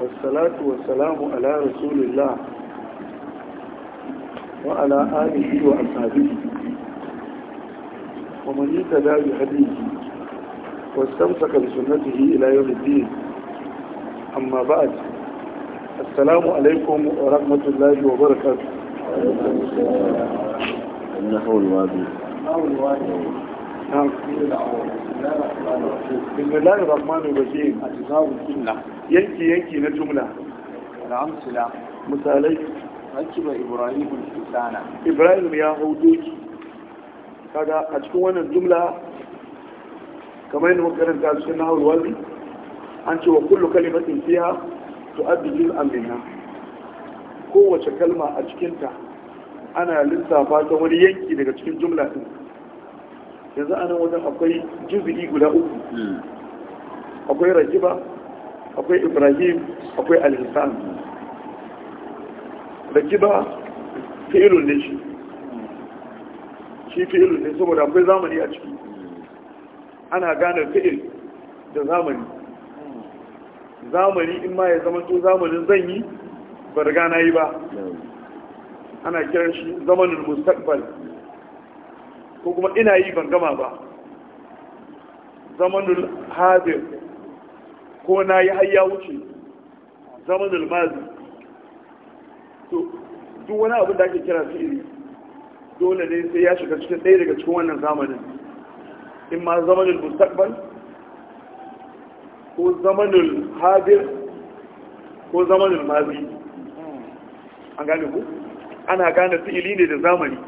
والصلاة والسلام على رسول الله وعلى آله وأصحابه ومن يتدى بهديه واستمسك بسنته إلى يوم الدين أما بعد السلام عليكم ورحمة الله وبركاته النحو الوادي النحو الوادي نعم بسم الله الرحمن الرحيم أجزاء الجملة ينكي ينكي نجملة الأمثلة مثالي ركب إبراهيم الحسان إبراهيم يا هودوك kaga a cikin wannan jumla kamar makaranta muka karanta cikin nahawul wazi an ce wa kullu kalimatin fiha tu'addu juz'an minha kowace kalma a cikinta ana lissafa ta wani yanki daga cikin jumla din yanzu a nan wajen akwai juzi'i guda uku akwai rajiba akwai ibrahim akwai alhisan rajiba fi'ilun ne shi shi fi'ilun ne saboda akwai zamani a ciki ana gane fi'il da zamani zamani in ma ya zama to zamanin zan yi ba riga na yi ba ana kiran shi zamanin mustaqbal ko kuma ina yi ban gama ba zamanul hadir ko na yi hayya wuce zamanul mazi to duk wani abin da ake kira fi'ili dole ne sai ya shiga cikin ɗaya daga cikin wannan zamanin in ma zamanul mustaqbal ko zamanul hadir ko zamanul mazi an gane ku ana gane fi'ili ne da zamani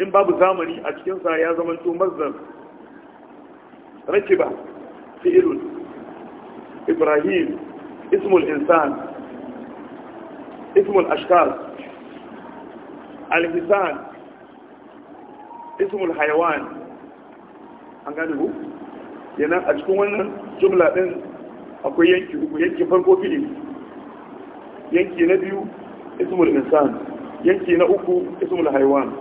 in babu zamani a cikinsa ya zama to mazdar rakiba fi'ilun ibrahim ismul insan ismul ashkar alhisan ismul hayawan an gane ku yana a cikin wannan jumla din akwai yanki uku yanki farko fi'il yanki na biyu ismul insan yanki na uku ismul hayawan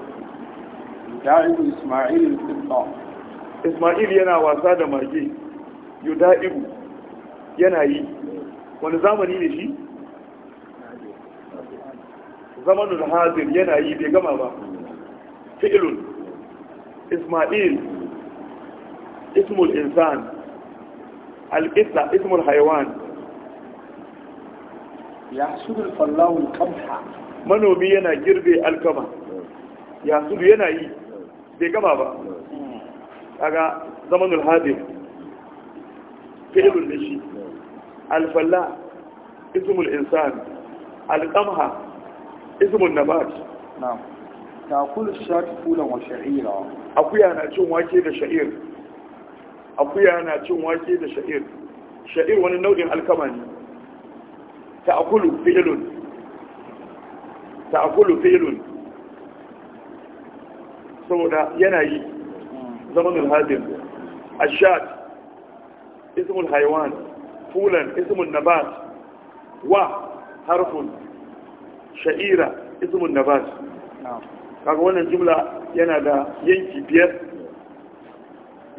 yuda'ibu isma'il al-qibla isma'il yana wasa da mage yuda'ibu yana yi wani zamani ne shi Zamanin hazir yana yi bai gama ba fi'ilun isma'il ismul insan al-qibla ismul haywan ya shudu fallawul kamta. manomi yana girbe alkama ya shudu yana yi bai gama ba kaga zamanul hadir fi'lun dashi al-falla ismul insan al-qamha ismun nabat na'am ta'kulu shatu fulan wa sha'ira akuya na cin wake da sha'ir akuya na cin wake da sha'ir sha'ir wani nau'in alkama ne ta'kulu fi'lun ta'kulu fi'lun saboda yanayi zamanin hazin ashad ismul haiwan fulan ismul nabat wa harfun sha'ira ismul nabat kaga wannan jumla yana da yanki biyar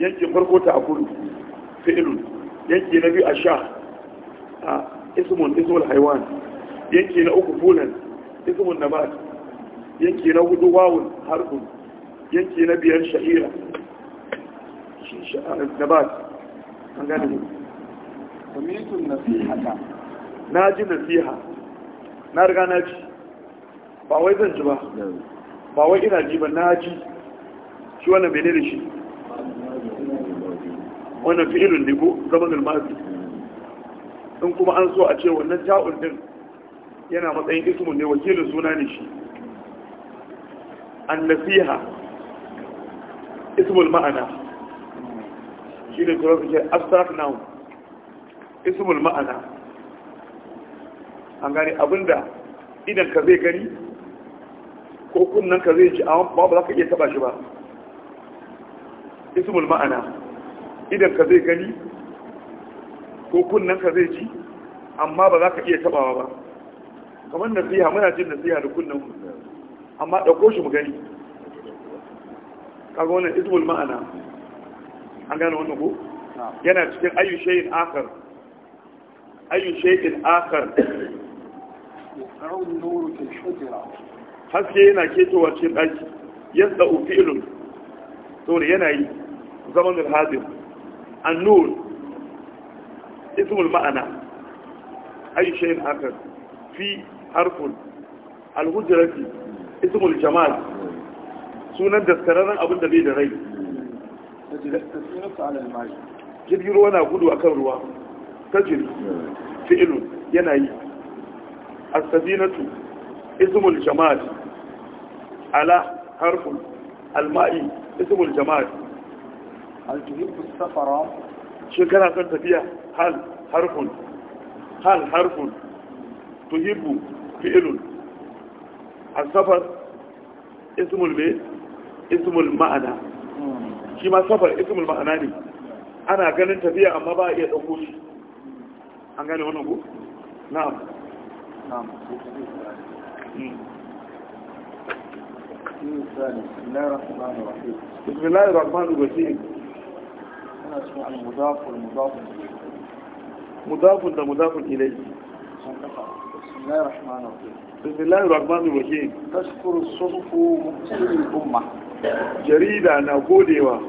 Yanki farko ta akulu fi'ilun yanki na biyu ashad ismun ismul haiwan yanki na uku fulan ismun nabat yanki na hudu wawun harfun yanki na biyar sha'ira shi ba gabat an gane ne kwamitun nasihata na ji nasiha na riga na ji ba wai zan ji ba ba wai ina ji ba na ji shi wannan mene da shi wannan fi'ilun ne ko zaman almasi in kuma an so a ce wannan ja'un din yana matsayin ismun ne wakilin suna ne shi an nasiha ismul ma'ana shi ne turansu ke abstract noun ismul ma'ana an gani abinda idan ka zai gani ko kunnan zai ji a ba ba za ka iya taba shi ba ismul ma'ana idan ka zai gani ko kunnan zai ji amma ba za ka iya tabawa ba kamar nasiha muna jin nasiha da kunnan amma ɗauko shi mu gani kaga wannan ismul ma'ana an gane wannan ko yana cikin ayu shay'in akhar ayu shay'in akhar haske yana ketowa cikin daki yadda ufi'lun ne yana yi zaman al-hadir an-nur ismul ma'ana ayu shay'in akhar fi harful al-hujrati ismul jamal sunan daskararren abin da bai da rai jirgin ruwa na gudu akan ruwa tajiri fi'ilu yana yi as-safinatu ismul jama'at ala harfun al-ma'i ismul jama'at al-tuhibbu safara shin kana son tafiya hal harfun hal harfun tuhibbu fi'ilun as-safar ismul bi اسم المعنى شي ما سفر اسم المعنى ني انا ganin tafiya amma ba iya dauko shi an gane wannan ko na'am na'am بسم الله الرحمن الرحيم بسم الله الرحمن الرحيم انا اسمي المضاف والمضاف مضاف ده اليه بسم الله الرحمن الرحيم bisu lalurabanu wa ke taskuru sunfu mutumin jarida na godewa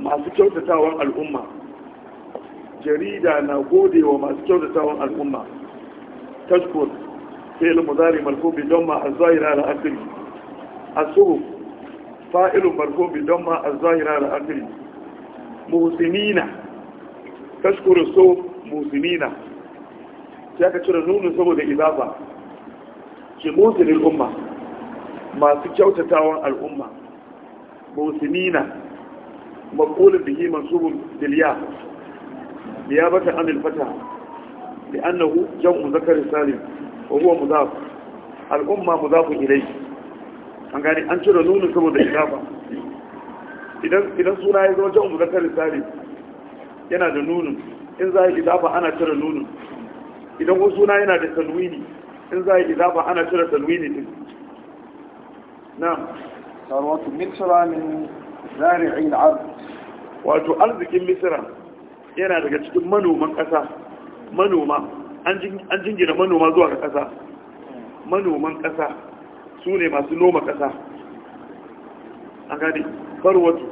masu kyautatawan al'umma jarida na godewa masu kyautatawan al'umma taskuru don ma a zahira da asiri a suhu fa’ilun markobi don ma a zahira da asiri musimina taskuru so musimina ya ka cire nunu saboda izaba ke musulun al'umma masu kyautatawan al'umma musulmina maƙulun da yi mansubun diliya bata amil fata annahu, لأنه zakar salim wa huwa مضاف al'umma مضاف إليه an gani an cire nuni saboda idafa idan suna ya zama jan salim yana da nunin in za a idafa ana cire nunin idan wasu suna yana da tanwini in za a yi idafa ana cire talwini din na sarwatu misra min zari'in ard wato arzikin misra yana daga cikin manoman ƙasa manoma an jingina manoma zuwa ga ƙasa manoman ƙasa su ne masu noma ƙasa an gani farwatu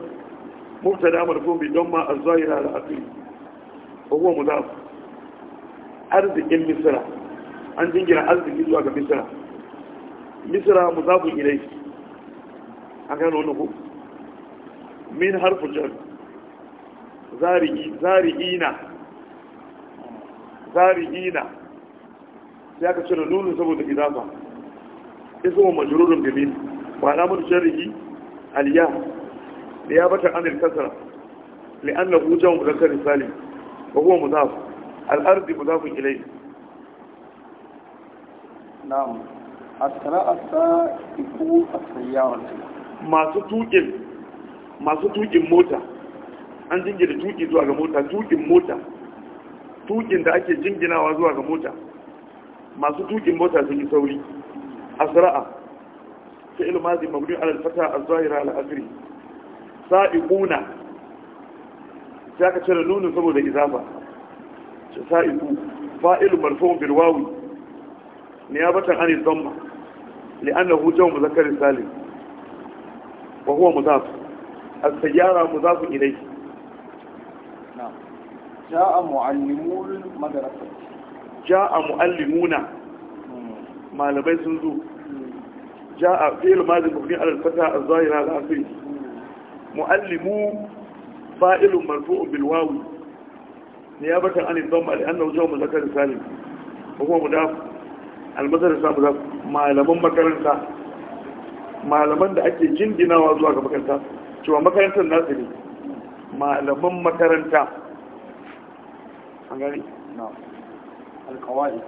mubtada marfubi don ma a zahira da asiri ko kuma mudaf arzikin misra an jingina arziki zuwa ga misira misira muzafin ilai an gano wani ku min harfin jar zari'ina zari'ina sai aka cire lulun saboda idafa Isu wa majururin gami ba na mutu shari'i aliya da ya bata anil kasara li'annahu jan mudakar salim wa huwa muzaf al-ardi mudafun ilai na'am asra asa iku asayyar masu tukin masu tukin mota an jingina tuki zuwa ga mota tukin mota tukin da ake jinginawa zuwa ga mota masu tukin mota sun yi sauri asra'a ta madi mabni alalfata a fata az-zahira ala akhiri sa'iquna sai ka cire nunin saboda izafa sa'iqu fa'il marfu'un bil wawi ya niyabatan an izomma li'anna mu muzakarin salim wa huwa muzafi a sayyara muzafi ilai ja a mu'allimuna malamai sun zo ja a fiye mazin mafi alfata a zahira lafi mu'allimu fa'ilun marfu'un bilwawi niyabatan an izomma li'anna mu muzakarin salim wa huwa muzafi almadarasa ba malaman makaranta malaman da ake jinginawa zuwa ga makaranta cewa makarantar nasu ne malaman makaranta an gari? na alkawai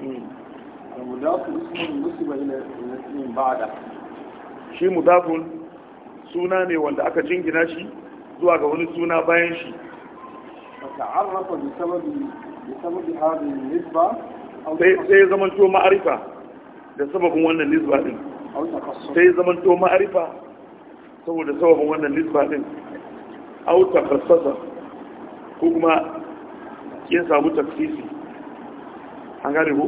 hmm. al-mudafun ismun shi mudafun suna ne wanda aka jingina shi zuwa ga wani suna bayan shi ta'arrafa da sababi bi sababi hadhihi nisba sai ya to ma'arifa da sababin wannan nisba din sai ya to ma'arifa saboda sababin wannan nisba din auta tafassasa ko kuma ya samu tafsisi an gane ku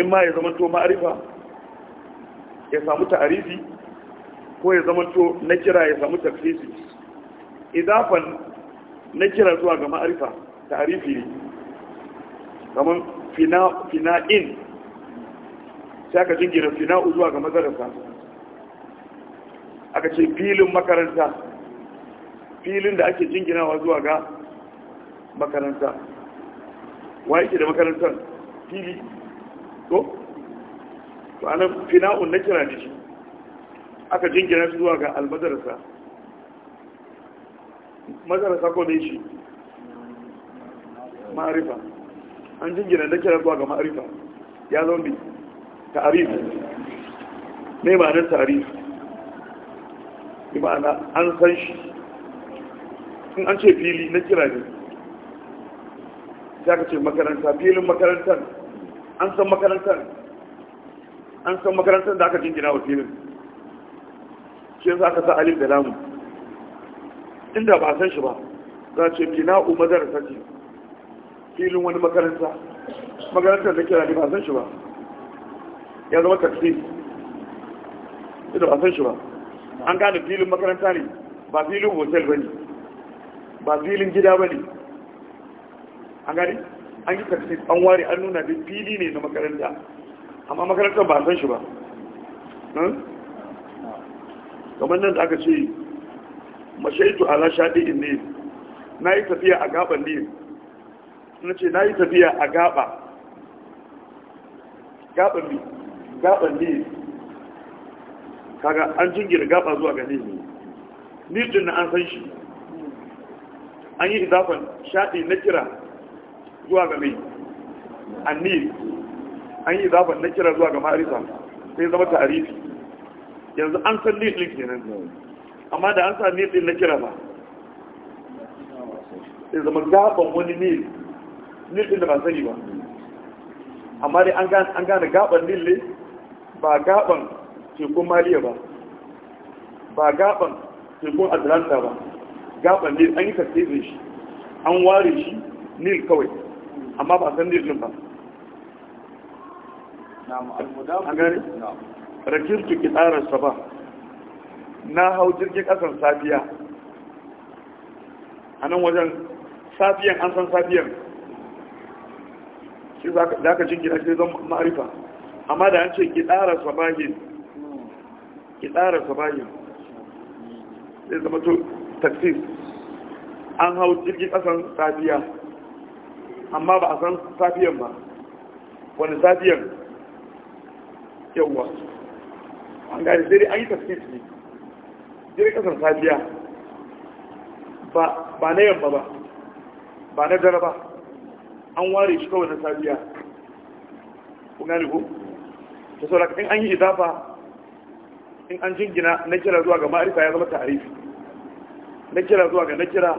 in ma ya to ma'arifa ya samu ta'arifi ko ya to na kira ya samu tafsisi idafan na kira zuwa ga ma'arifa ta'arifi ne kamar fina'in sai aka jingina fina'u zuwa ga mazararsa aka ce filin makaranta filin da ake jinginawa zuwa ga makaranta wa yake da makarantar fili ko? to anan fina'un na kira da shi aka jingina zuwa ga almadarasa madarasa ko ne shi marifa an jingina da kira zuwa ga ma'arifa ya zo ne ta'arif ne ma'anar ta'arif bi ma'ana an san shi in an ce fili na kira ne ta ka ce makaranta filin makarantar an san makarantar an san makarantar da aka jingina wa filin shi za ka sa alif da lamu inda ba san shi ba za ce bina umar da rasarci filin wani makaranta makarantar da kira ne ba san shi ba ya zama taksi ita ba san shi ba an gane filin makaranta ne ba filin hotel ba ne ba filin gida ba ne an gani an yi taksi an ware an nuna da fili ne na makaranta amma makarantar ba san shi ba hmm? kamar nan da aka ce mashaitu ala shaɗi ne na yi tafiya a gaban ne na ce na yi tafiya a gaba gaban ne kaga an jingina gaba zuwa ga ne nijin na an san shi an yi izafan shaɗi na kira zuwa ga mai annil an yi izafan na kira zuwa ga Marisa, sai zama tarihi yanzu an san nijin kenan amma da an sa nijin na kira ba sai zama gaban wani nijin nil din da ban sani ba amma dai an gane gaban nil ne ba gaban tekun maliya ba ba gaban tekun atlanta ba gaban nil an yi kaskezin shi an ware shi nil kawai amma ba san nil din ba an gane ki kitsarar ba na hau jirgin kasan safiya a nan wajen safiyan an san safiyan shi za ka jin shi zan ma'arifa amma da an ce ki tsara sabahin tsara sabahin zai zama to taxis an hau jirgin kasan safiya amma ba a san safiyan ba wani safiyan yawwa an gari sai dai an yi taxis ne jirgin kasan safiya ba na yamma ba ba na jaraba an ware shi kawai na safiya ku gane ku ta sauraka in an yi idafa in an jingina na kira zuwa ga ma'arifa ya zama ta'arif na kira zuwa ga na kira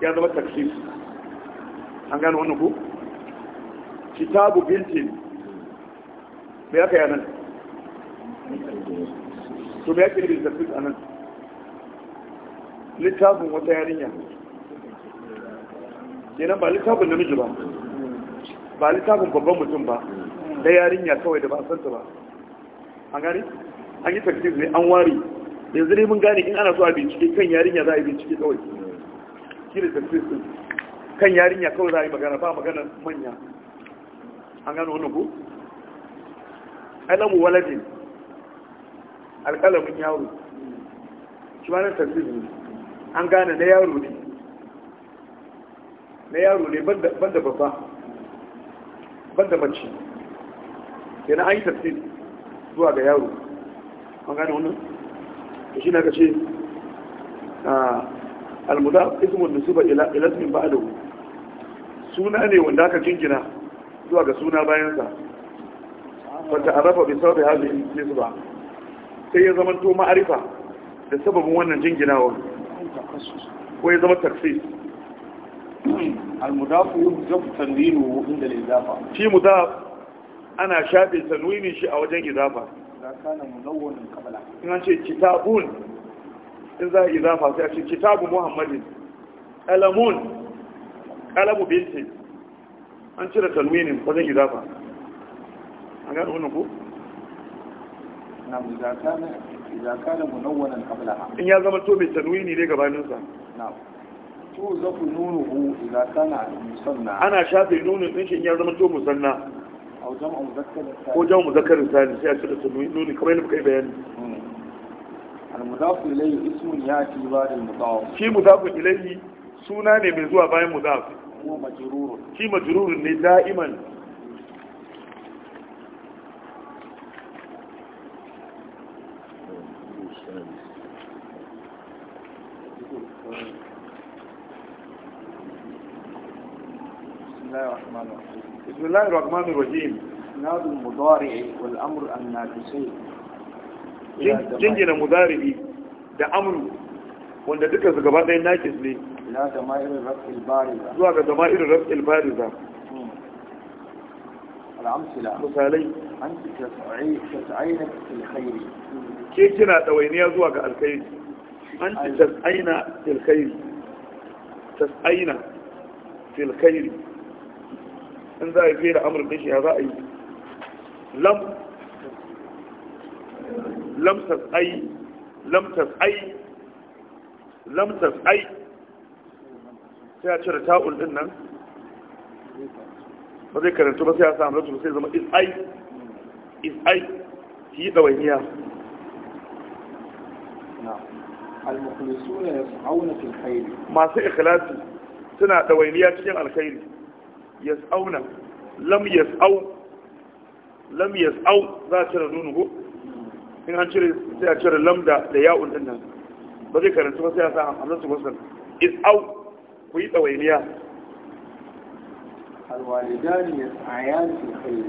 ya zama taksir an gane wannan ku kitabu bintin me aka yi nan to me ake nufin taksir a nan littafin wata yarinya kenan ba littafin namiji ba ba littafin babban mutum ba da yarinya kawai da ba a santa ba an gani an yi tafsir ne an wari. yanzu ne mun gane in ana so a bincike kan yarinya za a yi bincike kawai shi ne tafsir din kan yarinya kawai za a yi magana ba magana manya an gano wani ko alamu waladin Alkalamin yaro shi nan tafsir ne an gane na yaro ne na yaro ne banda babba ban da mace ke na yi tafsir zuwa ga yaro an gane wannan da shi na ka ce almuda ismun nusuba ila ismin ba'dahu suna ne wanda aka jingina zuwa ga suna bayansa wata arafa bi sabbi hadhihi nisba sai ya zama to ma'arifa da sababin wannan jinginawa ko ya zama taksis المضاف يضاف تنوينه عند الإضافة في مضاف أنا شاب تنوين شيء أو جن إضافة إذا كان منون قبل إن شيء كتابون إذا إضافة سأشي كتاب محمد قلمون قلم بنت أن شيء تنوين وجن إضافة أنا أقول لكم نعم إذا كان إذا كان منونا قبلها إن يا زلمة توبي تنويني ليه قبل نعم yuzafu kana musanna ana shafe nunun din shi ya zama to musanna ko jam'u muzakkarin sani sai a cika sununi nuni kamar yadda kai bayani hmm. al-mudaf ilayhi ismun yati ba'da shi ilayhi suna ne mai zuwa bayan mudaf shi majrurun ne da'iman بسم الله الرحمن الرحيم ناد المضارع والأمر الناقصين جنجنا مضارعي Da أمر wanda duka su gaba ɗaya nakis ne zuwa ga dama'irin rafil bariza hmm. misalai ke kina ɗawainiya zuwa ga alkhairi an ci tas'aina filkhairi tas'aina filkhairi ان ذا يفيد امر مش هذا اي لم لم تس اي لم تس اي لم تس اي سي اشر تاء الدن ما زي كرنتو بس يا سامر تو سي زما اس اي اس اي هي دوينيا نعم المخلصون يسعون في الخير ما سي اخلاصي suna dawainiya cikin alkhairi yas'auna lam yas'au lam yas'au za a cire nunu ko in an cire sai a cire lam da da ya'un din nan ba zai karanta ba sai a sa hamzatu wasal is'au ku yi tsawainiya alwalidani yas'ayan fil khair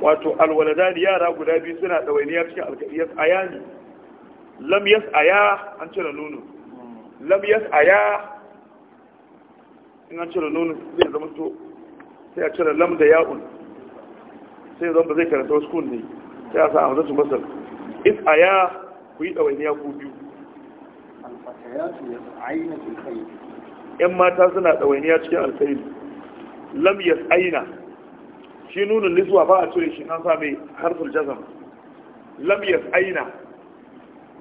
wato alwaladani yara guda biyu suna tsawainiya cikin alkhairiyas ayani lam yas'aya an cire nunu hmm. lam yas'aya in an cire nunu zai zama to sai a cire lam da ya'un sai zan ba zai karanta wasu kun ne sai a sa a hamzatu masar is a ya ku yi ɗawainiya ku biyu yan mata suna ɗawainiya cikin alkhairi lam ya aina shi nunin liswa ba a cire shi an sa mai harfin jazam lam ya aina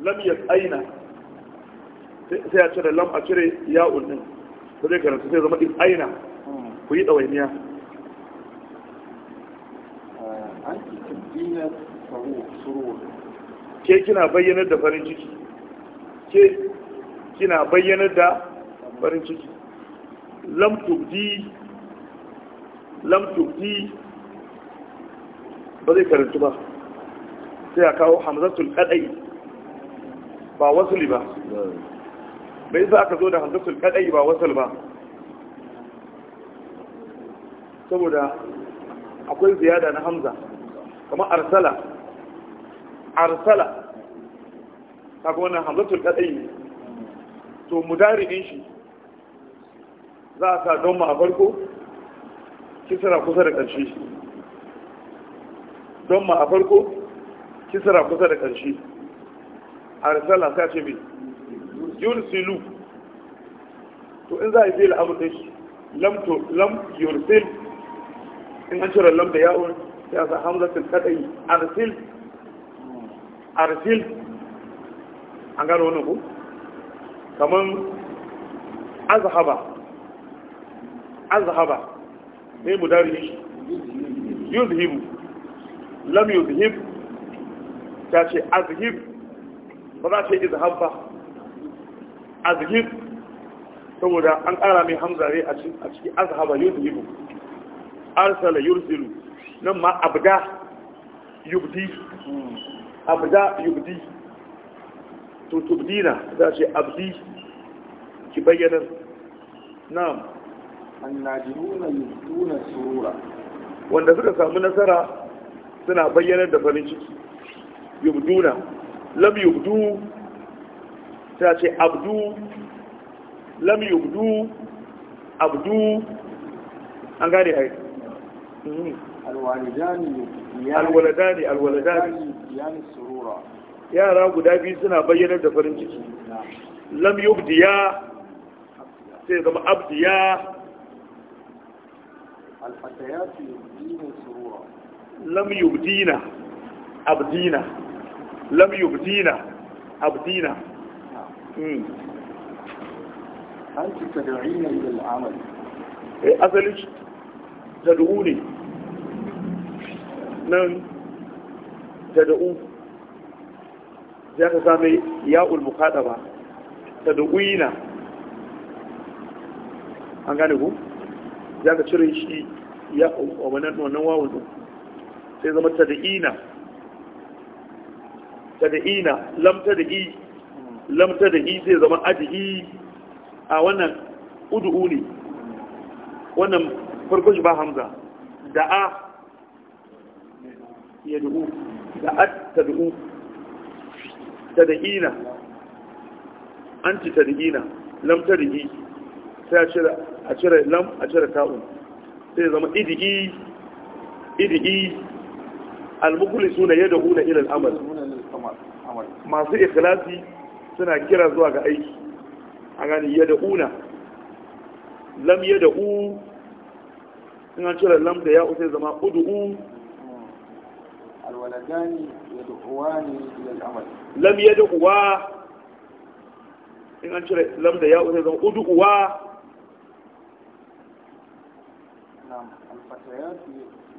lam ya aina sai a cire lam a cire ya'un din sai karanta sai zama is aina hmm. ku yi ɗawainiya ke kina bayyanar da farin ciki ke kina bayyanar da farin ciki lam tubdi lam tubdi ba zai karantu ba sai a kawo hamzatul kadai ba wasuli ba bai sa aka zo da hamzatul kadai ba wasul ba saboda akwai ziyada na hamza Kama arsala arsala kaga wannan hamzatul kadai ne to mudari din shi za a sa don ma a farko kisra kusa da ƙarshe don ma a farko kisra kusa da ƙarshe arsala ta ce mai yursilu to in za a yi fiye al'amur ɗin shi lam yursil in an cire lam da ya'un ya sa hamzatul kadai arsil arsil an gano wannan ku kaman azhaba azhaba sai mudari yuzhibu lam yuzhib ta ce azhib ba za ce izhab ba azhib saboda an ƙara mai hamza ne a ciki azhaba yuzhibu arsala yursilu nan ma abda yubdi abda yubdi to tubdina za ce abdi ki bayyana nam annajiruna yubduna surura wanda suka samu nasara suna bayyanar da farin ciki yubduna lam yubdu ta ce abdu lam yubdu abdu an gane hai mhm. alwalidani alwaladani alwaladani yani surura yara guda biyu suna bayyanar da farin ciki lam yubdiya sai zama abdiya alfatayatu yubdina surura lam yubdina abdina lam yubdina abdina أنت تدعين إلى العمل أصلي تدعوني nan tada'u ya ka same ya'ul mukaɗa ba na, an gane ku ya ka cire shi ya wannan wawon ɗin sai zama tada'i na lamta da i lamta da i sai zama adi'i a wannan udu'u ne wannan farko shi ba hamza da'a yad'u da at tad'u tad'ina anti tad'ina lam tad'i sai a cire a cire lam a cire ta'un sai zama idigi idigi al-mukhlisuna yad'una ila al-amal masu ikhlasi suna kira zuwa ga aiki a gani yad'una lam yad'u in an cire lam da ya'u sai zama ud'u alwaladani yad'uwani ila al-amal lam yad'uwa in an cire lam ya zai zama ud'uwa nam al-fatayat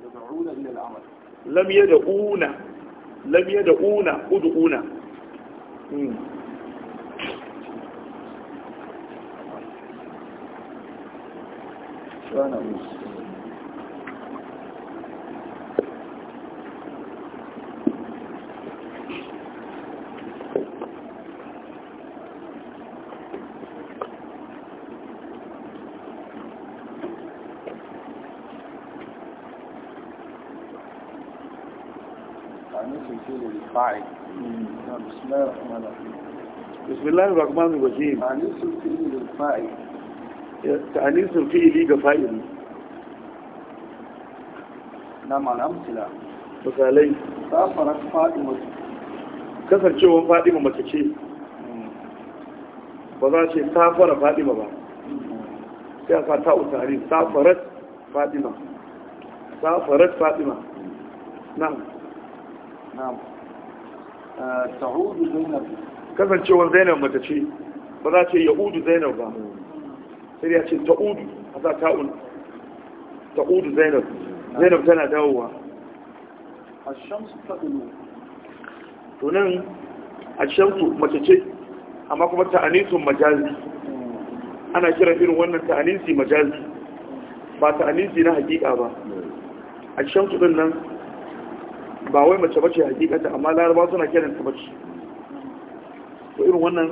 yad'una ila al-amal lam yad'una lam yad'una ud'una Thank you. الفاعل بسم الله الرحمن الرحيم بسم تأنيس الفئل للفاعل تأنيس نعم الأمثلة misalai safarar fadima kasancewar fadima mace ce ba za ce safara fadima ba sai a fata utari safarar fadima safarar fadima na ta'udu zainab kasancewar zainab mata ce ba za ce ya'udu zainab ba sai ya ce ta'udu a sa ta'un ta'udu zainab zainab tana dawowa a shamsu ta'ulu to nan a shamsu mace ce amma kuma ta'anisun majazi ana kira irin wannan ta'anisi majazi ba ta'anisi na hakika ba a shamsu din nan ba wai mace bace hakikata amma laraba suna kiran ta bace to irin wannan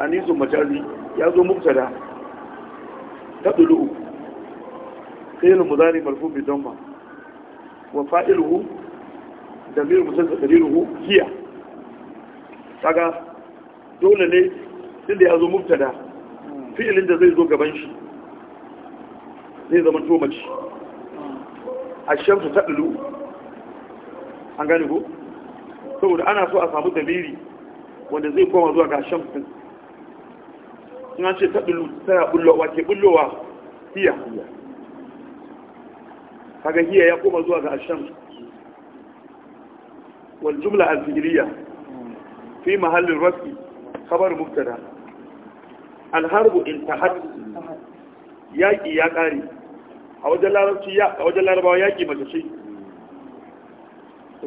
anisu majazi ya zo mubtada tabdu fi'l mudari marfu bi damma wa fa'iluhu damir musalsal daliluhu hiya kaga dole ne din da ya zo muktada fi'ilin da zai zo gaban shi zai zama to mace ashamsu tabdu an gani ko saboda ana so a samu dalili wanda zai koma zuwa ga shan din ce ta bullo tana bullowa ke bullowa hiya kaga hiya ya koma zuwa ga shamsin wal jumla al fi'liya fi mahallin rafi khabar mubtada al harbu intahat yaqi ya kare a wajen larabci ya a wajen larabawa yaki mace ce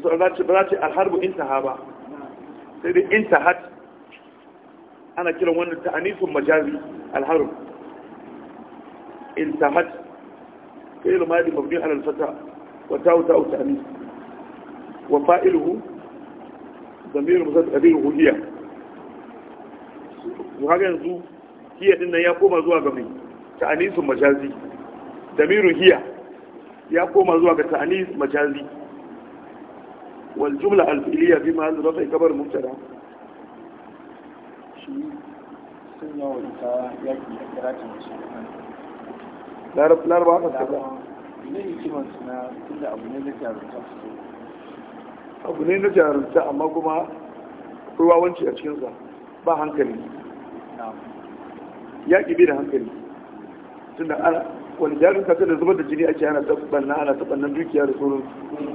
ba za ce alharbu intaha ba sai dai intahat ana kiran wannan ta anisun majazi alharb intahat sai da mali mabni alal fata wa ta'u ta'u ta'anis wa fa'iluhu zamir musad qabil hudiya to haka yanzu hiya din nan ya koma zuwa ga mai ta'anisun majazi damirun hiya ya koma zuwa ga ta'anis majazi والجملة الفعلية في محل رفع خبر مبتدا laraba aka saba abu ne na jarumta amma kuma ruwawanci a cikinsa ba hankali yaƙi bai da hankali wani jarumta ta da zubar da jini ake ana taɓanna dukiya da sauransu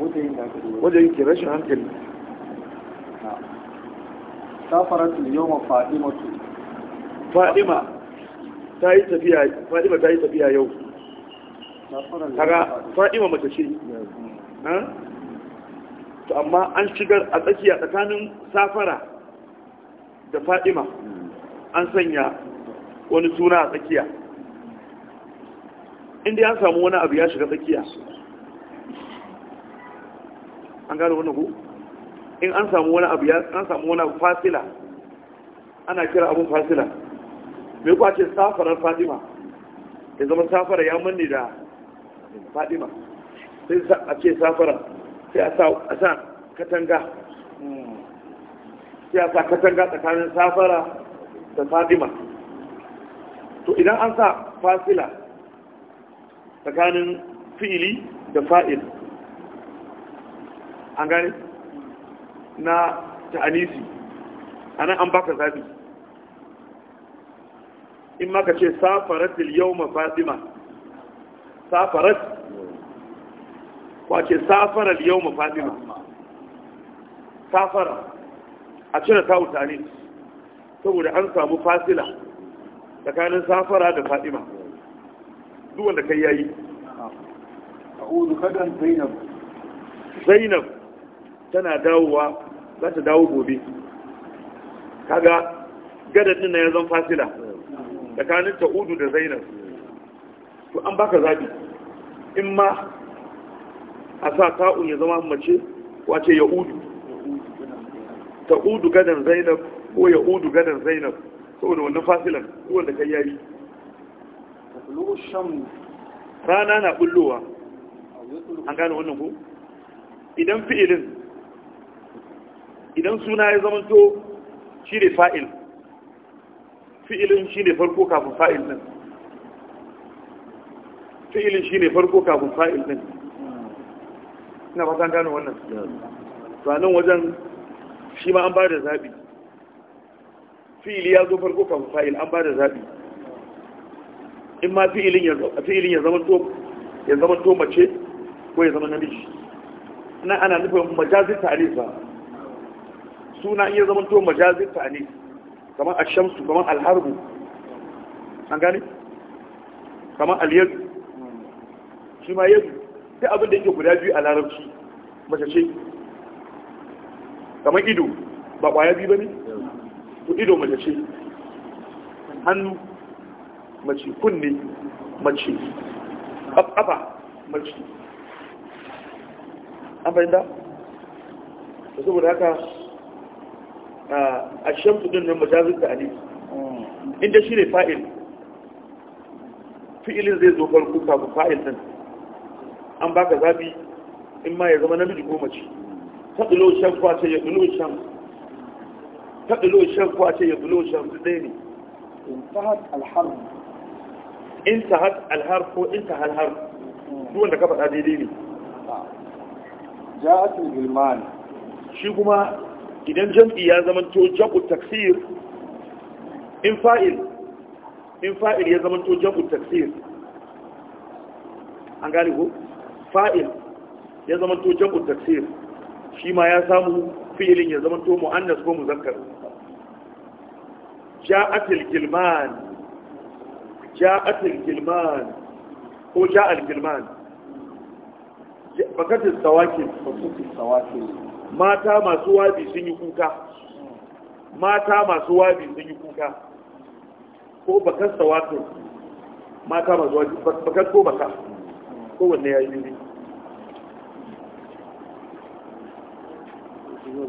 Wajen yake rashin hankali safaratu yawma fadimatu fadima ta yi tafiya fadima ta yi tafiya yau kaga fadima mace ce hmm. to amma an shigar a tsakiya tsakanin safara da fadima hmm. an sanya wani suna a tsakiya inda ya samu wani abu ya shiga tsakiya an gano wani in an samu wani abu ya an samu wani abu fasila ana kira abun fasila me kuwa ce safarar fatima ya zama safara ya manne da fatima sai a ce safara sai a sa katanga sai a sa katanga tsakanin safara da fatima to idan an sa fasila tsakanin fili da fa'il an gane na ta'anisi a nan an baka zabi in maka ce safarat yawma fatima safarat kwace safarar yawma fatima safara a cire ta wutane saboda an samu fasila tsakanin safara da fatima duk wanda kai yayi a'udhu kadan zainab zainab tana dawowa za ta dawo gobe kaga gadadin na yanzu fasila tsakanin ta'udu da zainab to an baka zabi in ma a sa ta'un ya zama mace wace ya udu ta'udu gadan zainab ko ya udu gadan zainab saboda wannan fasilan wanda kai yayi rana na bullowa an gane wannan ku? idan fi'ilin idan suna ya zamanto shi ne fa'il fi'ilin shi ne farko kafin fa'il ɗin fi'ilin shi ne farko kafin fa'il ɗin ina fasan gano wannan ranar wajen shi ma an ba da zaɓi fi'ili ya zo farko kafin fa'il an ba da zaɓi in ma fi'ilin ya zama to mace ko ya zama namiji na ana nufin majazin ta'arif ba suna iya zama to majazin ta ne kamar ashamsu kamar alharbu an gane kamar alyadu shi ma yadu sai abin da yake guda biyu a larabci mace ce kamar ido ba kwaya biyu ba ne to ido mace ce hannu mace kunne mace ƙafa mace an fahimta da saboda haka a shan din nan majazin da alif inda shi ne fa'il fi'ilin zai zo farko kafin fa'il din an baka zabi in ma ya zama namiji ko mace taɗilo shan kwa ce ya ɗilo shan taɗilo shan kwa ce ya ɗilo shan ɗaya ne in tahat alhar in alhar ko in ta halhar. duk wanda ka faɗa daidai ne ja'atul ilman shi kuma idan jam'i ya zamanto jam'u taksir in fa'il in fa'il ya zamanto jam'u taksir an gane ko fa'il ya zamanto jam'u taksir shi ma ya samu fi'ilin ya zamanto mu'annas ko muzakkar ja'atil gilman ja'atil gilman ko ja'al gilman bakatin tsawakin bakatin tsawakin mata masu wabi sun yi kuka mata masu wabi sun yi kuka ko bakan sawatin mata masu wabi bakan ko ko wanne ya yi biyu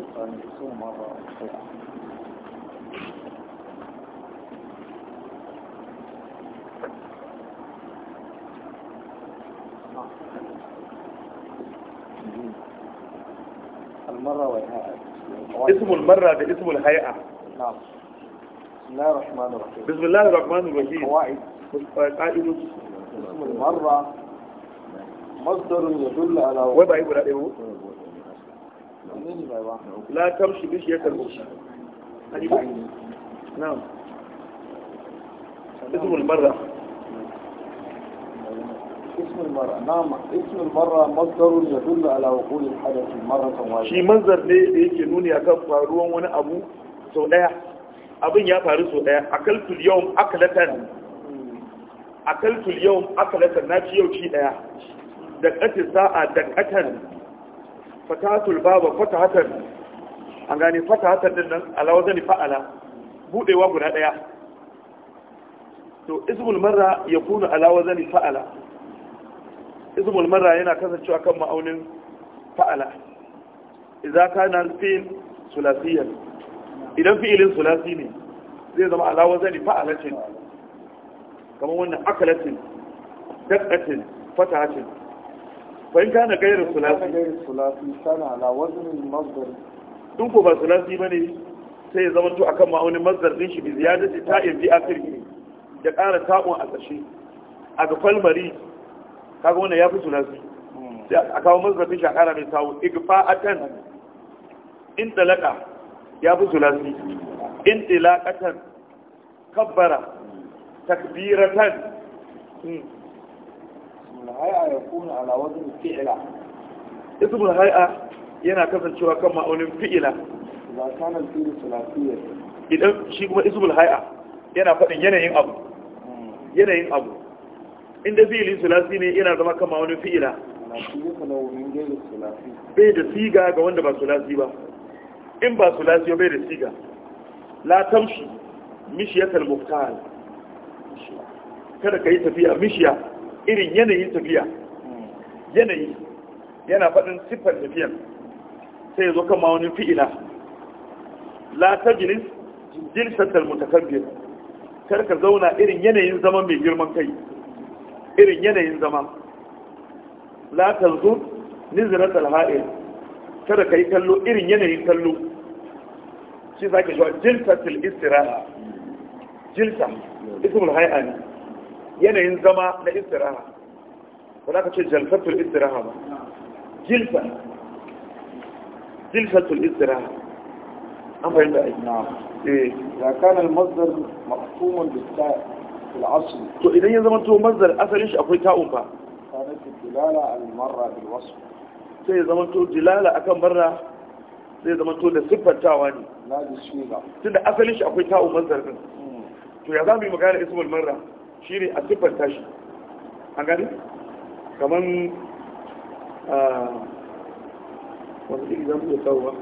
اسم المرة ده اسم الهيئة نعم بسم الله الرحمن الرحيم بسم الله الرحمن الرحيم قواعد اسم المرة مصدر يدل على وضع يقول عليه لا تمشي بشيء يكرهه نعم اسم المرة اسم المرأة نعم اسم المرأة مصدر يدل على وقوع الحدث مرة واحدة شي منظر ne da yake nuni akan faruwan wani abu sau daya abin ya faru sau daya akaltul yawm akalatan akaltul yawm akalatan na ci yau ci daya da kati sa'a da katan fatatul baba fatahatan an gane fatahatan din nan alawazani fa'ala budewa guda daya to ismul marra yakunu alawazani fa'ala ismul marra yana kasancewa kan ma'aunin fa'ala idza kana fi'il sulasiyan idan fi'ilin sulasi ne zai zama ala wazani fa'alatin kamar wannan akalatin dakatin fatahatin fa in kana gairu sulasi gairu sulasi kana ala wazni masdar dun ko ba sulasi bane sai ya zama to akan ma'aunin masdar din shi bi ziyadati ta'in bi akhirih da ƙara ta'un a ƙarshe a ga falmari kaga wannan ya fi suna su sai a kawo mazrafin shakara mai sawo Igfa a kan in talaka ya fi suna su in tilakatan kabbara takbiratan الهيئة يكون على وزن yana kasancewa kan ma'aunin fi'ila idan shi kuma ismul hai'a yana faɗin yanayin abu yanayin abu inda fi'ilin sulasi ne yana zama kama wani fi'ila bai da siga ga wanda ba sulasi ba in ba sulasi bai da siga la tamshi mishiyatal muftar kada ka yi tafiya mishiya irin yanayin tafiya yanayi yana faɗin siffar tafiyan sai zo kama wani fi'ila la tajlis jilsatal mutakabbir biyar. Karka zauna irin yanayin zaman mai girman kai irin yanayin zama la tanzur nizrat al-ha'il kada yi kallo irin yanayin kallo shi zaka shi jilsatul istiraha jilsa ismul hai'a ne yanayin zama na istiraha ba za ka ce jalsatul istiraha ba jilsa jilsatul istiraha an fahimta aiki na eh ya kana al-masdar maqsumun العصر تو إذا يزمن تو أثر إيش أقول تاؤن با كانت الدلالة المرة بالوصف sai zama to akan barra zai zama to da siffantawa ne tunda asalin shi akwai ta'u manzar din hmm. to ya zamu yi magana ismul marra shine a siffanta shi an gani kaman wanda zai zama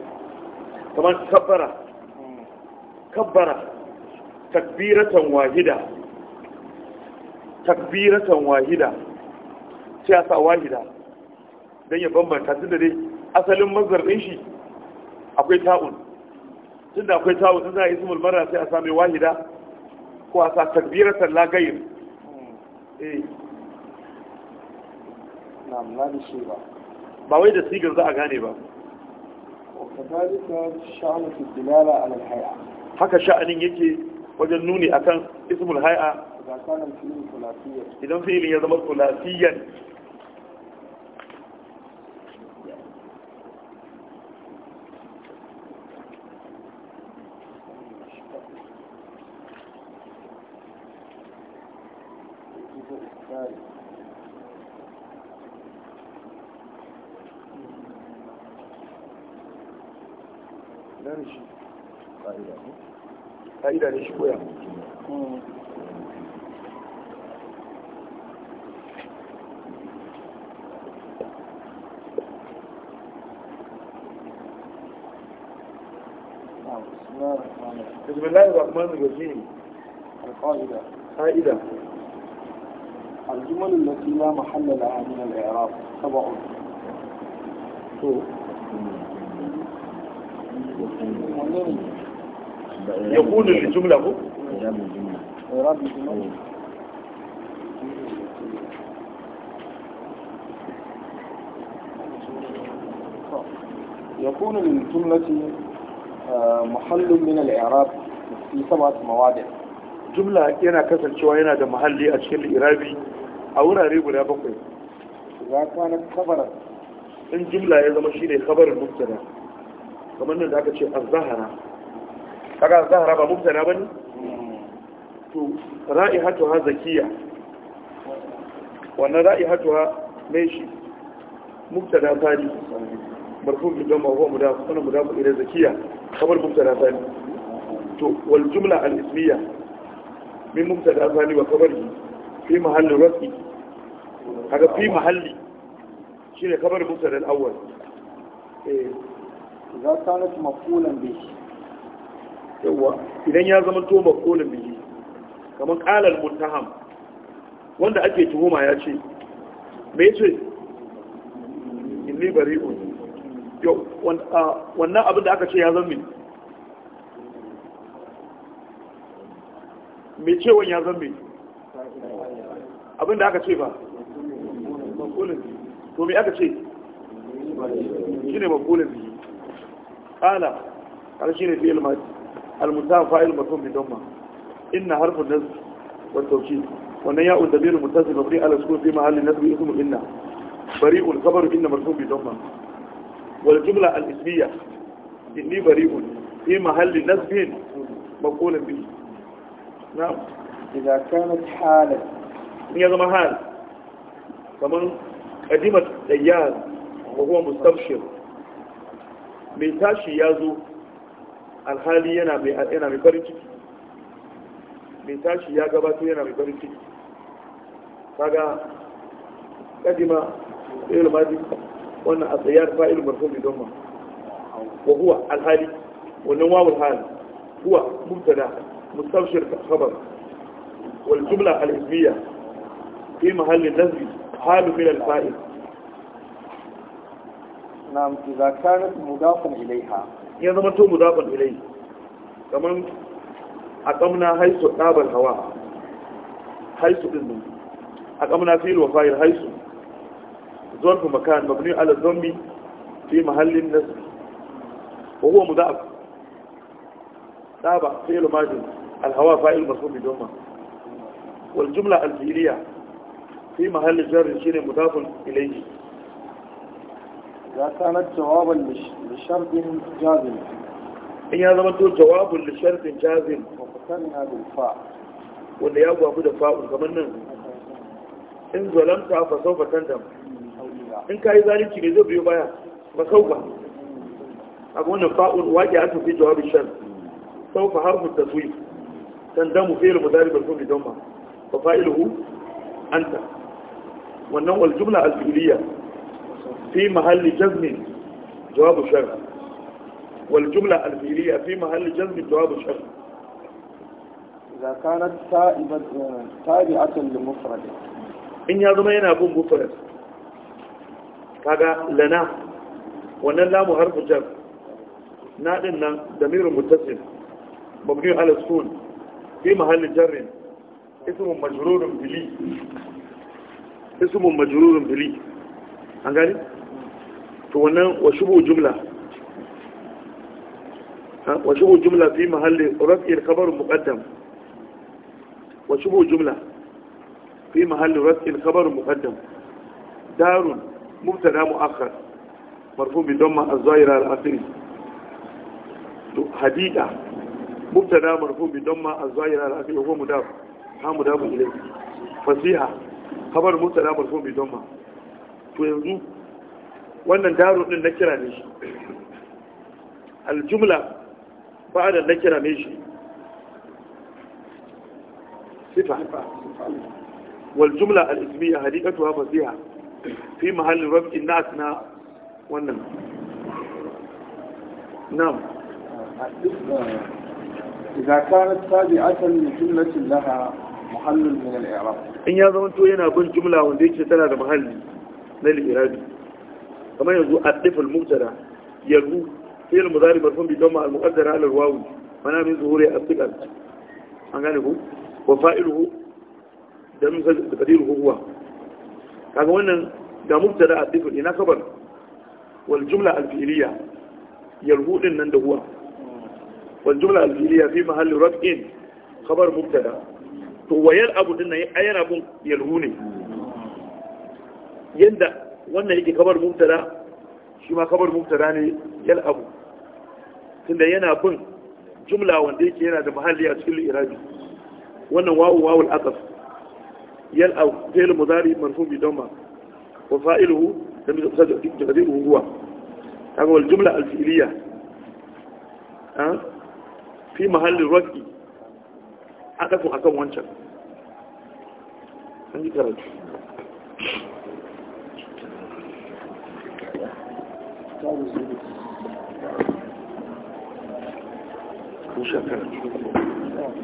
da wahida takbiratan wahida sai a sa wahida don ya bambanta tunda da dai asalin mazhar ɗin shi akwai ta'un tunda da akwai ta'un sai za a yi ismul mara sai a sami wahida ko a sa takbiratan lagayin eh. ba wai da sigar za a gane ba haka sha'anin yake wajen nuni akan ismul hay'a idan filin ya zama kulasiyan الرجيم القائدة قاعدة الجمل التي لا محل لها من الإعراب سبع يقول الجملة هو إعراب الجملة إعراب الجملة يكون للجملة آه، محل من الإعراب jumla yana kasancewa yana da mahalli a cikin irabi a wurare guda bakwai za ka na kabarar in jumla ya zama shi ne kabarin mubtada kamar nan da aka ce a zahara kaga az-zahara ba mubtada ne to ha zakiya wannan ha mai shi mubtada tani marfu don dama huwa mudaf kana mudaf ila zakiya kabar mubtada tani to wal jumla al ismiya min zani wa khabari fi mahalli rafi kaga fi mahalli shine khabar mubtada al awwal eh za kanat maf'ulan bihi yawa idan ya zama to maf'ulan bihi kamar qala al muttaham wanda ake tuhuma ya ce me yace inni bari'un yau ah, wannan abin da aka ce ya zama mai cewa ya zan mai abinda aka ce ba makulin to mai aka ce shi ne makulin ƙala ƙarshi ne fiye almuta fa'il mutum mai don ma inna harfin nasu wani wannan ya'un da biyu mutasi su ala sukun fi mahallin nasu bi ismu inna بريء الخبر إن مرسوم بضمة inni الإسمية إني بريء في محل نسب مقول به na'am idza kanat halan in ya zama hal kaman wa huwa mustabshir mai tashi ya zo alhali yana mai farin ciki mai tashi ya gabato yana mai farin ciki kaga kadima fa'il madi wannan a tsayar fa'il marfu bi wa huwa alhali wannan wawul hal huwa mubtada مستبشر الخبر والجملة الاسمية في محل النسب حال من الفائد نعم إذا كانت مضافا إليها إذا ما تو مضافا إليه كمان أقمنا حيث تاب الهواء حيث إذن أقمنا في الوفائل حيث ظرف مكان مبني على الضم في محل النسب وهو مضاف تابع فعل ماضي الهواء فائل مفهوم بدوما والجملة الفعلية في محل جر شيء مضاف إليه إذا كانت جوابا لشرط جازم إن هذا مدو جواب لشرط جازم وقتلنا بالفاء واللي يابو أبو دفاء كمان إن ظلمت فسوف تندم إن كاي ذلك يزو بيو بايا فسوف أقول فاء واجعته في جواب الشرط سوف حرف التسويف تندم في مدارب الكون لجمع وفائله أنت والنوع الجملة الفعلية في محل جزم جواب الشرع والجملة الفعلية في محل جزم جواب الشرع إذا كانت تائبة تابعة لمفرد إن يا ضمينا أبو مفرد هذا لنا وانا لا مهرب جر نادنا ضمير متصل مبني على السكون في محل جر اسم مجرور بلي اسم مجرور بلي an gani? to wannan washubu jumla washubu jumla fi mahalli rafiyar kabarin mukaddam washubu jumla fi mahalli rafiyar kabarin mukaddam darun mubtada mu'akhkhar marfu bi damma az to mubtada marfu bi dhamma az-zahir ala akhihi huwa mudaf ha mudaf ilay fasiha khabar mubtada marfu bi dhamma to yanzu wannan daru na kira ne shi al-jumla ba'da na kira ne shi sifa wal jumla al-ismiyya hadiqatuha fasiha fi muhallin rabbi nas na wannan إذا كانت تابعة لجملة لها محل من الإعراب إن هذا من توينا بن جملة وليش تنا هذا محل للإعراب كما يزو أطف المبتدا يلو في المضارع مرفوع بضمة المقدرة على الواو منع من ظهور الثقل أنغانه وفائله دم قديره هو kaga wannan ga mubtada a ina kabar wal jumla al fi'liya yalhu din nan da huwa والجملة الفعلية في محل رد إن خبر مبتدا ويلعب إن أين بن يلغوني يندى wannan yake kabar mubtada shi kabar mubtada ne yal'abu tunda yana bin jumla wanda yake yana da mahalli a cikin irabi wannan wawu wawul aqaf yal'abu fi'l mudari marfu bi damma wa fa'iluhu lam yusaddiq taqdiruhu fi mahallin rocky a ɗafin a kan wancan an yi karatu Thank you.